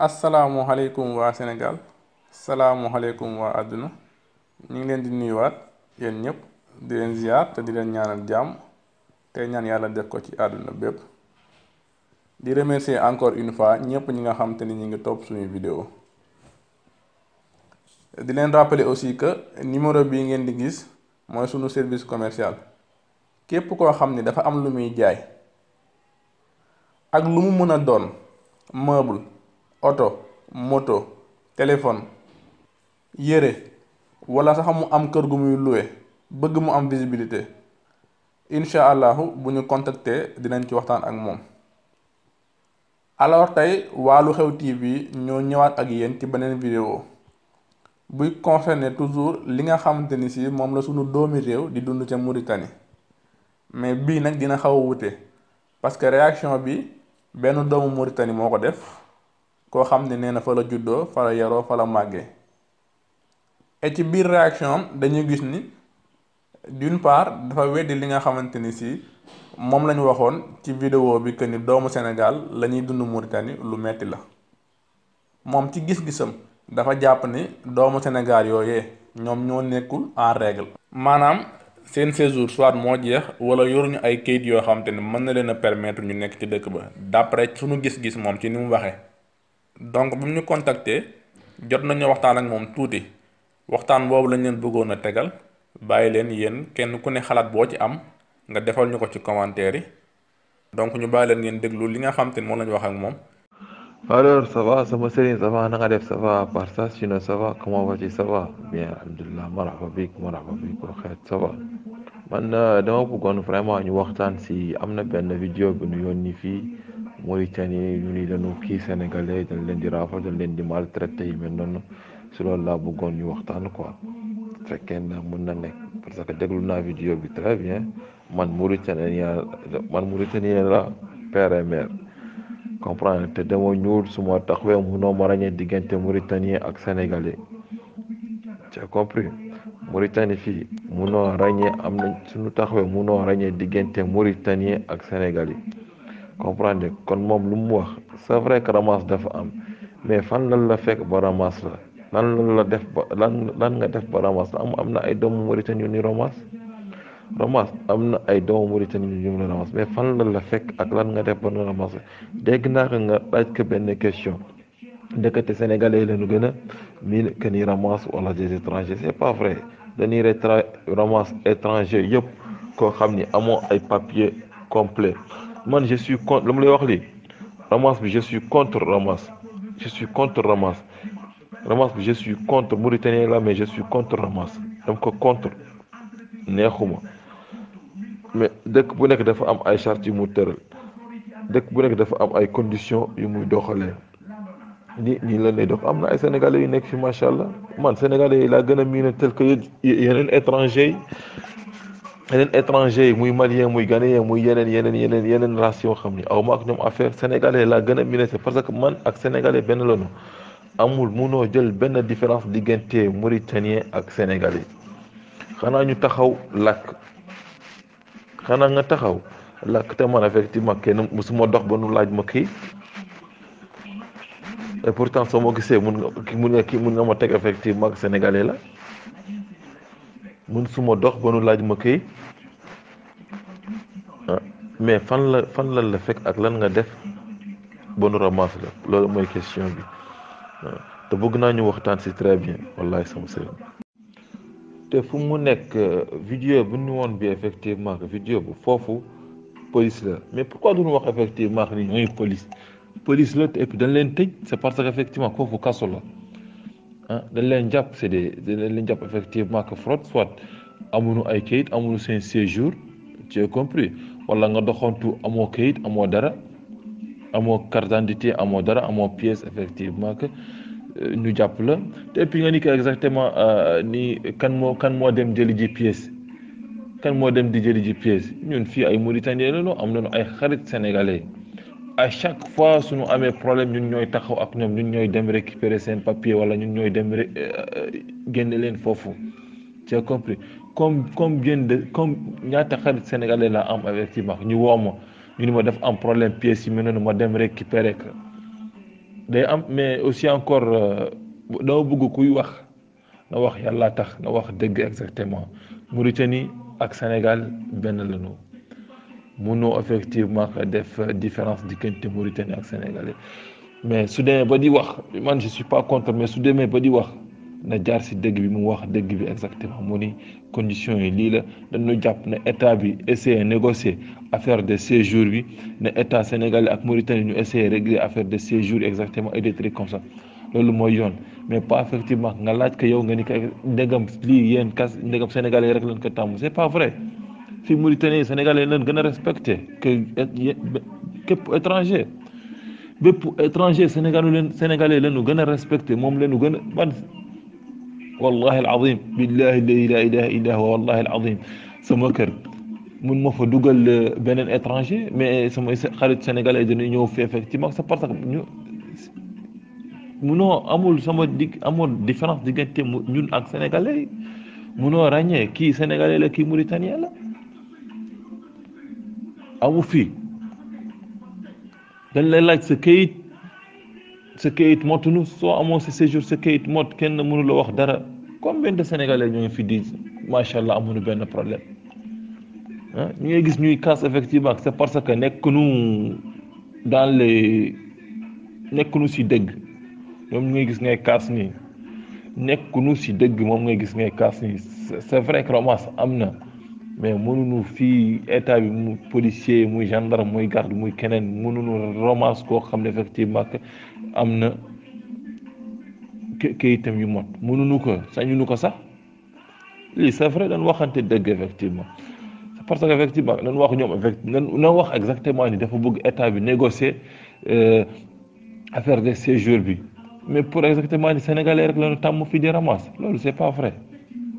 asalaamualeykum waa Sénégal salaamualeykum waa àdduna ñu ngi leen di nuyuwaat yéen ñëpp di leen ziar te di leen ñaanal jàmm tey ñaan yàlla def ko ci àdduna bépp di remercier encore une fois ñëpp ñi nga xam te ni ñu ngi topp suñu vidéo di leen rappeler aussi que numéro bii ngeen di gis mooy sunu service commercial képp koo xam ni dafa am lu muy jaay ak lu mu mën a doon meuble oto moto téléphone yére wala sax mu am kër gu muy loué bëgg mu am visibilité incha allahu bu ñu contacter dinañ ci waxtaan ak moom alors tey waa lu xew TV ñoo ñëwaat ak yéen ci beneen vidéo buy concerné toujours li nga xamante ni si moom la suñu doomi réew di dund ca Mauritanie mais bii nag dina xaw a wute parce que réaction bi benn doomu Mauritanie moo ko def koo xam ne nee na fa la juddoo fa la yaroo fa la màggee et ci biir réaction am dañuy gis ni d'une part dafa weddi li nga xamante ni si moom la ñu waxoon ci vidéo bi que ni doomu Sénégal la ñuy dund Mauritanie lu metti la moom ci gis-gisam dafa jàpp ni doomu Sénégal yooye ñoom ñoo nekkul en régle maanaam seen séjour soit moo jeex wala yoruñu ay kayit yoo xam te mën na leen a ñu nekk ci dëkk ba d'après sunu gis-gis moom ci ni mu waxee. donc bu mu ñu contacter jot nañu waxtaan ak moom tuuti waxtaan boobu lañ leen bëggoon a tegal bàyyi leen yéen kenn ku ne xalaat boo ci am nga defal ñu ko ci commentaire yi donc ñu bàyyi leen ngeen déglu li nga xam te ne moom la ñu wax ak moom. alors ça sama sëriñ ça va def ça parce que ça sinon ça va comment vas-tu ça va bien alhamdulilah marhaba bik marhaba bik wa xeet ça man euh, dama bëggoon vraiment ñu waxtaan si am na benn vidéo bu ñu yónni fii. Mauritanie ñu ni dañu kii sénégalais dañ leen di raafal dañ leen di maltraité yi mel noonu si loolu laa bëggoon ñu waxtaan ko fekkee na mun na nekk parce que déglu naa vidéo bi très bien man Mauritanien man Mauritanien la père et mère comprendre te dama ñuul suma taxawee munoo ma ràññee diggante Mauritanien ak sénégalais c'est compris Mauritanie fii munoo ràññee am na suñu taxawee munoo ràññee diggante Mauritanien ak sénégalais. comprendre kon moom lu mu wax c'est vrai que ramas dafa am mais fan lan la fekk ba ramas la lan lan la def ba lan lan nga def ba ramas la am am na ay doomu Mauritanie yu ni ramas ramas am na ay doomu Mauritanie yu ni ramas mais fan lan la fekk ak lan nga def ba nu ramas la dégg naa ko nga laaj ko benn question ndekete sénégalais la ñu gën a miin que ni ramas wala des étrangers c'est pas vrai dañuy retra ramas étranger yëpp koo xam ni amoo ay papier complet man je suis contre la mu lay wax lii romance bi je suis contre romance je suis contre romance romance bi je suis contre mauritanien la mais je suis contre romance dama ko contre neexuma mais dëkk bu nekk dafa am ay charte yu mu tëral dëkk bu nekk dafa am ay conditions yu muy doxalee ni nii lan lay dox am na ay sénégalais yu nekk fi macha allah man sénégalais yi laa gën a miin tel que yeneen étranger yi yeneen étranger yi muy malien muy ghanéen muy yeneen yeneen yeneen yeneen race yoo xam ni aw ma ak ñoom affaire sénégalais laa gën a minacé parce que man ak sénégalais benn lañu amul munoo jël benn différence diggante mauritanien ak sénégalais xanaa ñu taxaw lakk xanaa nga taxaw làkk te man effectivement kenn musuma dox ba nu laaj ma kii et pourtant soo ma gisee mun nga mun nga kii mun nga ma teg effectivement sénégalais la mën suma dox ba nu laaj ma këy ah, mais fan la fan lan la fekk ak lan nga def ba nu ramasse la loolu mooy question bi ah, te bëgg naa ñu waxtaan si très bien wallahi sama sëriñ te fu mu nekk euh, vidéo bu nu woon bi effectivement que vidéo bu foofu police la mais pourquoi duñu wax effectivement que ni ñooy police police la te et puis dañ leen tëj c'est parce que effectivement foofu kaso la Ah, dañ leen jàpp c'est des dañ leen jàpp effectivement que fraude soit amuñu ay kayit amuñu seen séjour tu as compris wala nga doxantu amoo kayit amoo dara amoo carte d'identité amoo dara amoo pièce effectivement que euh, ñu jàpp la te et puis nga ni ko exactement euh, ni kan moo kan moo dem jëli ji kan moo dem di jëli ji pièce ñun fii ay Mauritaniens la am nañu ay xarit sénégalais. à chaque fois su suñu amee problème ñun ñooy taxaw ak ñoom ñun ñooy dem récupérer seen papier wala ñun ñooy dem euh, euh, génne leen foofu tu as compris comme comme génn de comme ñaata xarit sénégalais la am avec ci ñu woo ma ñu ni ma def am problème pièce yi mel noonu ma dem récupérer ko day am mais aussi encore euh, dama bëgg kuy wax na wax yàlla tax na wax dëgg exactement nii ak Sénégal benn lañu mënoo effectivement def différence diggante Mauritanie ak Sénégalais mais su demee ba di wax man je suis pas contre mais su demee ba di wax na jaar si dëgg bi mu wax dëgg bi exactement mu ni condition yi lii la dañu jàpp ne état bi essayer négocier affaire de séjour bi ne état sénégalais ak Mauritanie ñu essayer régler affaire de séjour exactement et des trucs comme ça loolu mooy yoon mais pas effectivement nga laaj ko yow nga ni ko ndegam lii yéen kas ndegam sénégalais ko tàmm c'est pas fi Mauritanie Sénégalais leen gën a respecté képp étranger bépp étranger Sénégal leen Sénégalais leen gën a respecté moom leen gën a man wallahi alazim billahi la ilaha illa illa huwa wallahi alazim sama kër mun ma fa dugal euh, beneen étranger mais sama xarit sénégalais dañuy ñëw fee fekk ci mag sa parce que ñu munoo amul sama dig amul différence diggante ñun ak sénégalais yi munoo ràññee kii sénégalais la kii mauritanien la amu fii dañ lay laaj sa kayit sa kayit nu soo amoo sa séjour sa kayit mot kenn mënu wax dara combien de sénégalais ñoo ngi fi di macha allah na benn problème ah, ñu ngay gis ñuy casse effectivement c'est parce que nekk nu dans les nekk nu si dëgg ñoom ñu ngay gis ngay casse nii nekk nu si dëgg moom ngay gis ngay casse nii c'est vrai que am na. mais mu fii état bi mu policier muy gendarme muy garde muy keneen mënuñu romance koo xam ne effectivement am na këyitam yu mot mënuñu ko sañuñu ko sax lii c'est vrai dañ waxante dëgg effectivement parce que effectivement dañ wax ñoom effectivement dañ wax exactement ni dafa bëgg état bi négocier euh, affaire de séjour bi mais pour exactement ni sénégalais rek lañu tàmm fii di ramasse loolu c'est pas vrai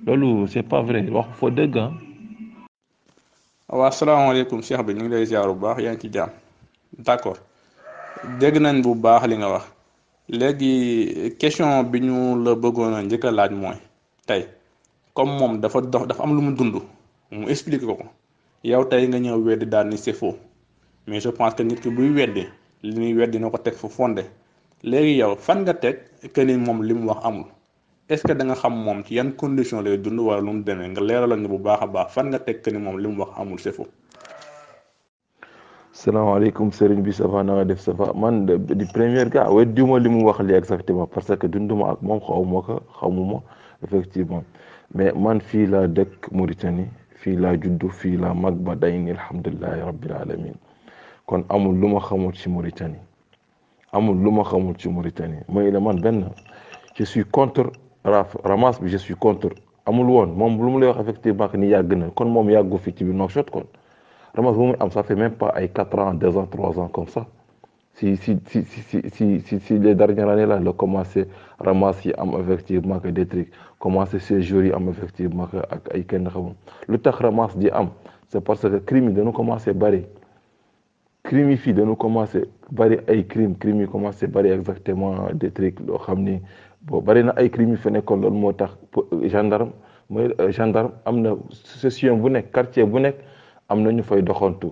loolu c'est pas vrai wax foo dëgg waaw salaamaaleykum Cheikh bi ñu ngi lay ziar bu baax yaa ngi ci jàmm d'accord dégg nañ bu baax li nga wax léegi question bi ñu la bëggoon a njëkk a laaj mooy tey comme moom dafa dox dafa am lu mu dund mu expliqué ko yow tey nga ñëw weddi daal ni c'est mais je pense que nit ki buy weddi li ñuy weddi na ko teg fu fonde léegi yow fan nga teg que moom li mu wax amul. est-ce que da xam moom ci yan condition lay dund wala lu mu demee nga bu baax a baax fan nga tekk moom li mu wax amul c'est faux. bi safa def safa man di première gars weddiwuma li mu wax li exactement parce que dunduma ak moom xawma ko xamuma effectivement mais man fii laa dëkk Mauritanie fii laa juddu fii laa mag ba day ni alhamdulilahi rabbil alamin kon amul lu ma xamul ci Mauritanie lu ma xamul ci Mauritanie mooy man benn je suis contre Raf Ramas bi je contre amul woon moom lu mu lay wax effectivement que ni yàgg na kon moom yàggu fii ci biir Nouakchott kon Ramas bu muy am sa fait même pas ay quatre ans deux ans trois ans comme si si si si si si si les dernières années là commencé Ramas yi am effectivement que des trucs commencé ces jours yi am effectivement que ak ay kenn xamul lu tax Ramas di am c'est parce que crime yi dañu commencé bari crime fii dañu commencé bari ay crime crime yi commencé bari exactement des trucs loo xam ni. bon bari na ay crimes yu nekkoon loolu moo tax gendarme mooy euh, gendarme am na session bu nekk quartier bu nekk am na ñu fay doxantu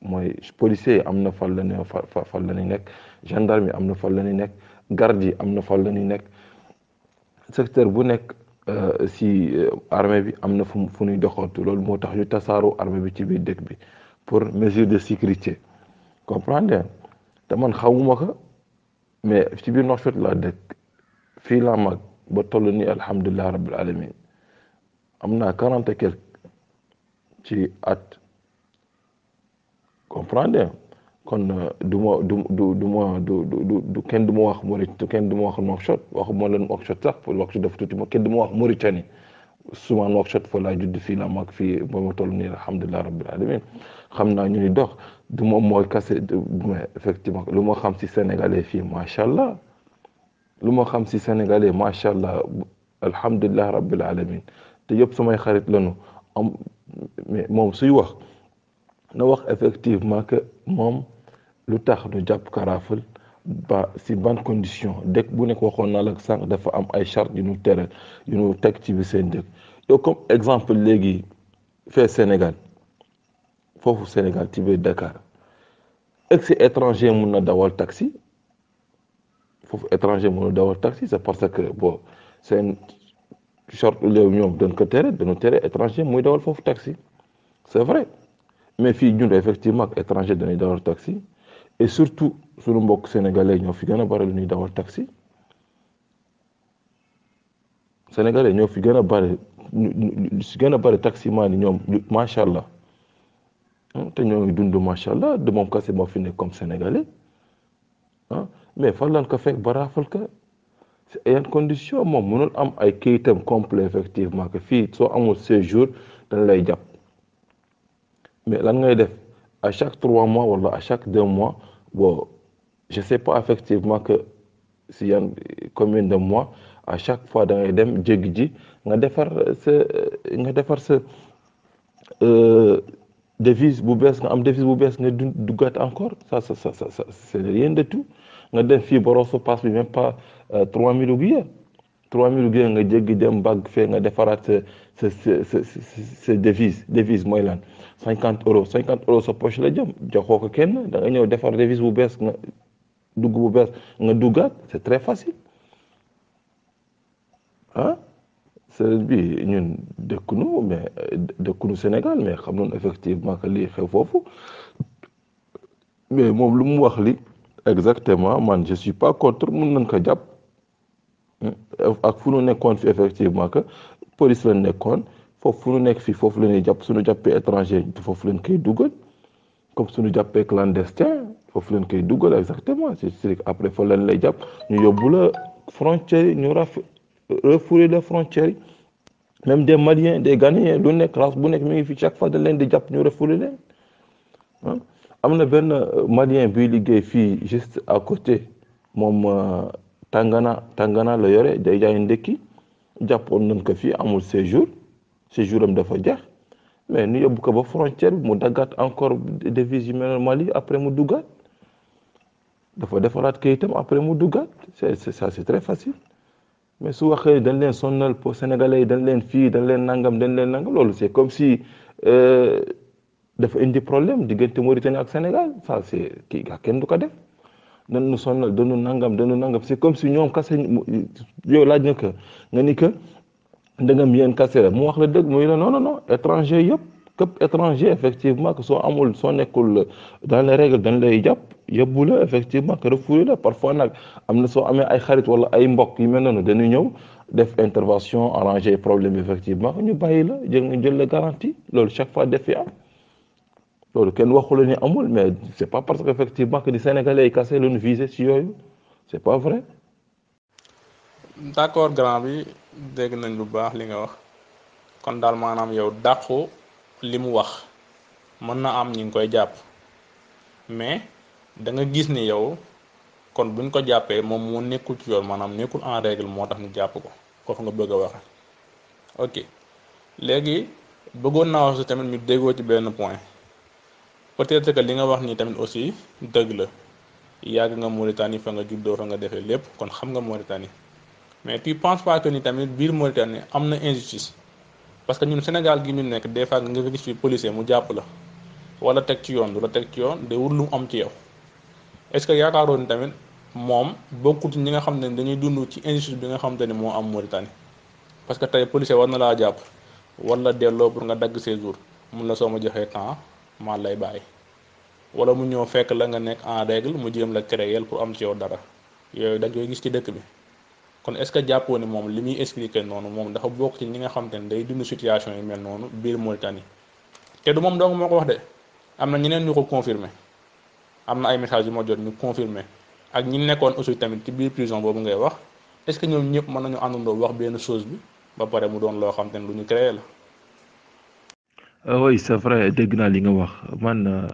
mooy policier yi am na fan la fa fan la ñu nekk gendarme yi am na fan la nekk garde yi am na fan la ñu nekk secteur bu nekk euh, si euh, armée bi am na fu fu ñuy doxantu loolu moo tax ñu tasaaroo armée bi ci biir dëkk bi pour mesure de sécurité comprendre te man xawuma ko mais ci biir Nouakchott la dëkk. fii laa mag ba toll nii alhamdulilah rabbil alamin am naa quarante et quelque kon euh, du ma du du du ma du du du kenn du ma wax Mauritanie kenn ma wax Nouakchott waxuma leen Nouakchott sax tuuti ma kenn ma wax Mauritanie souvent Nouakchott fa laa judd fii laa mag fii ba ma toll nii alamin xam naa ñuy dox du ma mooy kase mais effectivement xam si sénégalais fii macha allah. lu ma xam si sénégalais macha allah alhamdulilah rabbil alamin te yëpp samay xarit lañu am moom suy wax na wax effectivement que moom lu tax nu jàpp Karafal ba si ban condition dëkk bu nekk waxoon naa la sànq dafa am ay charte yu nu tere yu nu teg ci bi seen dëkk yow comme exemple léegi fee Sénégal foofu Sénégal ci biir Dakar ex étranger mun na dawal taxi. foofu étranger mooy dawal taxi c'est parce que bon seen short léew ñoom dañ ko tere dañu tere étranger mooy dawal foofu taxi c'est vrai mais fii ñun effectivement étranger dañuy dawal taxi et surtout sunu mbokk sénégalais ñoo fi gën a bari lu ñuy dawal taxi sénégalais ñoo fi gën a bari si gën a bari taximaan yi ñoom macha allah te ñoo ngi dund macha allah du moom kese moo fi nekk comme sénégalais mais fan lañ ko fekk bara raafal ka si condition moom mënul am ay kayitam complet effectivement que fii soo amul séjour dañ lay jàpp mais lan ngay def à chaque trois mois wala à chaque deux mois bon je sais pas effectivement que si yan commune de mois à chaque fois da dem jéggi ji nga defar sa nga defar sa euh, devise bu bees nga am devise bu bees nga duggat encore ça sa sa sa sa rien de tout nga dem fii ba Rosso Pass bi même pas 3000 ouguiya 3000 ouguiya nga jéggi dem bàgg fee nga defaraat sa sa sa sa devise devise mooy lan 50 euros sa poche la jëm joxo ko kenn da ñëw defar devise bu bees nga dugg bu bees nga duggaat c'est très facile ah. sëriñ bi ñun dëkkunu mais euh, dëkkunu Sénégal mais xam noonu effectivement que lii xew foofu mais moom lu mu wax li exactement man je suis pas contre mun nañ jàpp hmm, ak fu nu nekkoon fi effectivement que police lañ nekkoon foofu fu nu nekk fii foofu la ñuy jàpp suñu jàppee étranger foofu lañ koy dugal comme suñu jàppee clandestin foofu lañ koy dugal exactement c'est après foofu lañ lay jàpp ñu yóbbu la frontière yi ñu raf refoulé la frontière yi même des Maliens des Ghanéens lu nekk race bu nekk mi ngi fi chaque fois dañ leen di jàpp ñu refoulé leen hmm. am na benn euh, malien buy liggéey fii juste à côté moom euh, tàngana tàngana la yore day jaay ndékki jàppoon nañ ko fii amul séjour séjour am dafa jeex mais nu yóbbu ko ba frontière mu daggat encore devise yu mel Mali après mu duggaat dafa defaraat kayitam après mu duggaat c'est ça c'est très facile mais su waxee dañ leen sonnal pour sénégalais yi dañ leen fii dañ leen nangam dañ leen nangam loolu c'est comme si. Euh, dafa indi problème diggante Mauritanie ak Sénégal ça c'est kii gaa kenn du ko def dañu sonal dañu nangam dañu nangam c'est comme si ñoom kase yow laaj na que nga ni que ndegam yéen kase la mu wax la dëgg muy la non non non étranger yëpp képp étranger effectivement que soo amul soo nekkul dans les règles dañ lay jàpp yóbbu la effectivement que refoulé la parfois nag am na soo amee ay xarit wala ay mbokk yu mel noonu dañuy ñëw def intervention arranger problème effectivement ñu bàyyi la jël jël la garantie loolu chaque fois def fi am. loolu kenn waxu la ni amul mais c'est pas parce que effectivement que ni sénégalais yi kase lañu visé ci yooyu c'est pas vrai. d'accord grand bi dégg nañ lu baax li nga wax kon daal maanaam yow dàqu li mu wax mën na am ñi ngi koy jàpp mais danga gis ni yow kon buñ ko jàppee moom moo nekkul ci yoon maanaam nekkul en règle moo tax ñu jàpp ko foofu nga bëgg a waxe ok léegi bëggoon naa wax tamit ñu déggoo ci benn point. peut-être que li nga wax ni tamit aussi dëgg la yàgg nga Mauritanie fa nga juddoo fa nga defee lépp kon xam nga Mauritanie mais tu penses pas ni tamit biir Mauritanie am na injustice parce que ñun Sénégal gi ñu nekk des fois nga gis fi policier mu jàpp la wala teg ci yoon du la teg ci yoon de wut lu am ci yow est-ce que yaakaaroon ni tamit moom bokkul ñi nga xam ne dañuy dund ci injustice bi nga xam ne moo am Mauritanie parce que tey policier war na laa jàpp war la delloo pour nga dagg séjour mun la soo ma joxee temps maa lay bàyyi wala mu ñëw fekk la nga nekk en règle mu jéem la créer pour am ci yow dara yooyu dañ koy gis ci dëkk bi kon est-ce que jàppoo ni moom li muy expliquer noonu moom dafa bokk ci ñi nga xam ne day dund situation yi mel noonu biir Mauritanie te du moom doo moo ko wax de am na ñeneen ñu ko confirmer am na ay messages yu ma jot ñu confirmer ak ñi nekkoon aussi tamit ci biir prison boobu ngay wax est-ce que ñoom ñëpp mën nañu àndandoo wax benn chose bi ba pare mu doon loo xam te ne ñu créer la. Euh, oui c'est vrai dégg naa li nga wax man euh,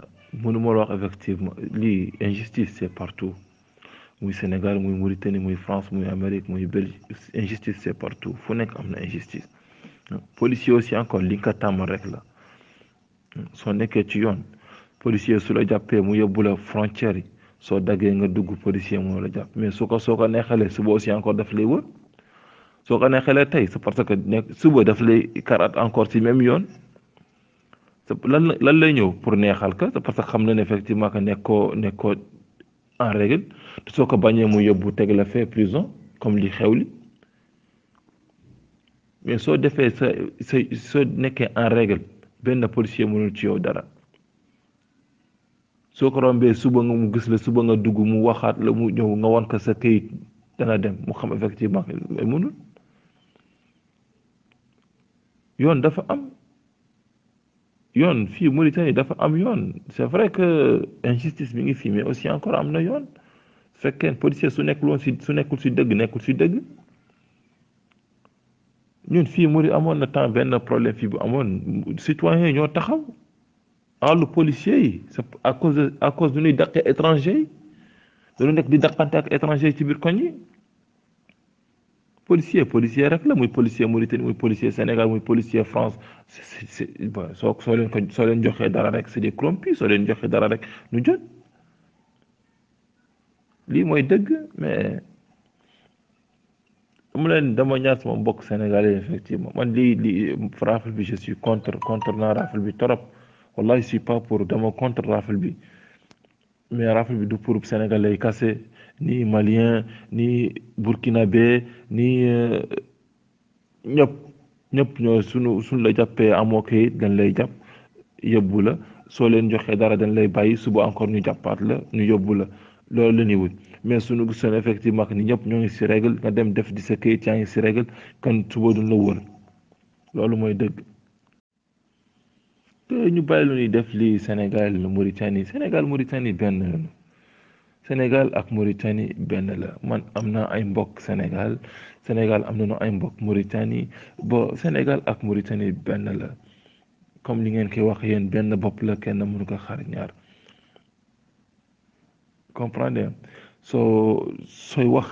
mënu ma la wax effectivement lii injustice c'est partout muy Sénégal muy Mauritanie muy France muy Amérique muy Belgique injustice c'est partout fu nekk am na injustice policier aussi encore li nga ko tàmmal rek la soo nekkee ci yoon policier su la jàppee mu yóbbu la yi soo daggee nga dugg policier moo la jàpp mais su ko soo ko neexalee suba aussi encore daf lay wër soo ko neexalee tey parce que nekk suba daf le karaat encore ci même yoon lan lan lay ñëw pour neexal ka parce que xam na ne effectivement ka nekkoo nekkoo en règle te soo ko bañee mu yóbbu teg la fee prison comme li xew li mais soo defee sa sa soo nekkee en règle benn policier mënul ci yow dara soo ko rombee suba mu gis la suba nga dugg mu waxaat la mu ñëw nga wan ko sa kayit dana dem mu xam effectivement mënul yoon dafa am. yoon fii Mauritanie dafa am yoon c'est vrai que injustice mi ngi fii mais aussi encore am na yoon su fekkee policier su nekkul woon si su nekkul si dëgg nekkul si dëgg ñun fii Mauritanie amoon na temps benn problème fii bu amoon citoyen yi ñoo taxaw àllu policier yi c'est à cause à cause du ñuy daqee étranger yi dañu nekk di daqante ak étranger yi ci biir koñ yi policier policier rek la muy policier Mauritanie muy policier Sénégal muy policier France soo soo leen ko soo leen joxee dara rek c'est des corrompus soo leen joxee dara rek ñu jot lii mooy dëgg mais mu leen dama ñaar sama mbokk sénégalais effectivement man lii lii rafle bi je suis contre contre naa rafle bi trop wallahi je suis pas pour dama contre rafle bi mais rafle bi du pour sénégalais yi kase ni malien ni burkinabé ni euh, ñëpp ñëpp ñoo sunu suñu la jàppee amoo kayit dañ lay jàpp yóbbu la soo leen joxee dara dañ lay bàyyi suba encore ñu jàppaat la ñu yóbbu la loolu la ñuy wut mais suñu gisoon effectivement ni ñëpp ñoo ngi si règle nga dem def di sa kayit yaa ngi si règle kan suba duñ la wër loolu mooy dëgg te ñu bàyyi lu ñuy def li Sénégal nii Sénégal Mauritanie benn Sénégal ak Mauritanie benn la man am na ay mbokk Sénégal Sénégal am na nañu ay mbokk Mauritanie ba Sénégal ak Mauritanie benn la comme li ngeen koy wax yéen benn bopp la kenn mënu ko xar ñaar comprender soo sooy wax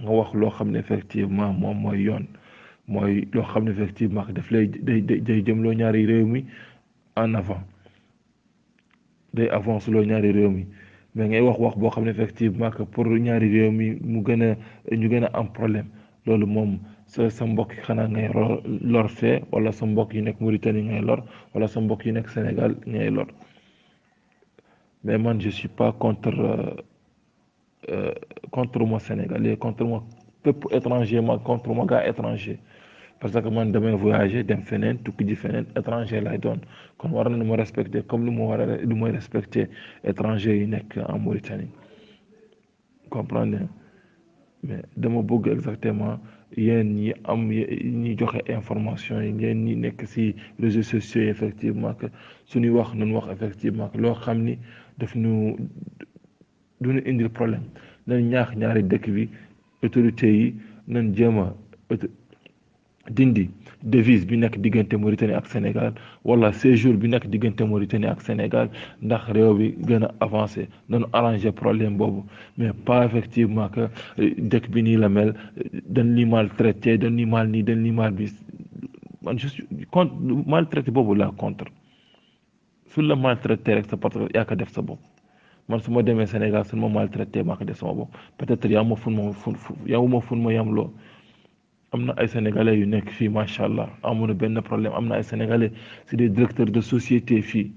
nga wax loo xam ne effectivement moom mooy yoon mooy loo xam ne effectivement daf lay day day jëm loo ñaari réew mi en avant day avance loo ñaari réew mi. mais ngay wax wax boo xam ne effectivement que pour ñaari réew mi mu gën a ñu gën a am problème loolu moom sa sa mbokk xanaa ngay lor fee wala sa mbokk yi nekk Mauritanie ngay lor wala sa mbokk yi nekk Sénégal ngay lor mais man je suis pas contre euh, euh, contre sénégal Sénégalais contre moi peuple étranger ma contre moi gars étranger parce que man damay voyager dem feneen tukki ji feneen étranger lay doon kon war na ma respecter comme lu ma war a lu may respecter étranger yi nekk en Mauritanie comprendre mais dama bëgg exactement yéen ñi am ñi joxe information yi yéen ñi nekk si réseaux sociaux yi effectivement que suñuy wax nañ wax effectivement que loo xam ni daf ñu du ñu indil problème nañ ñaax ñaari dëkk bi autorités yi nañ jéem a dindi devise bi nag diggante Mauritanie ak Sénégal wala séjour bi nag diggante Mauritanie ak Sénégal ndax réew bi gën a avancé nañu arrangé problème boobu mais pas effectivement que euh, dëkk bi nii la mel euh, dañ li maltraité dañ li mal nii dañ li mal bi man juste contre maltraité boobu la contre su la maltraité rek sa parce que yaa ko def sa bopp man su ma demee Sénégal su ma maltraité maa ko def sama bopp peut-être yaa ma fun ma fun ma fun ma yam loo am na ay sénégalais yu nekk fii macha allah amuñu benn problème am na ay sénégalais c'est des directeurs de société fii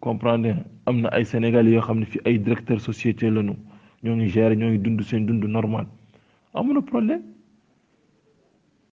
comprendre am na ay sénégalais yoo xam ne fii ay directeurs société lañu ñoo ngi gérer ñoo ngi dund seen dund normal amuñu problème.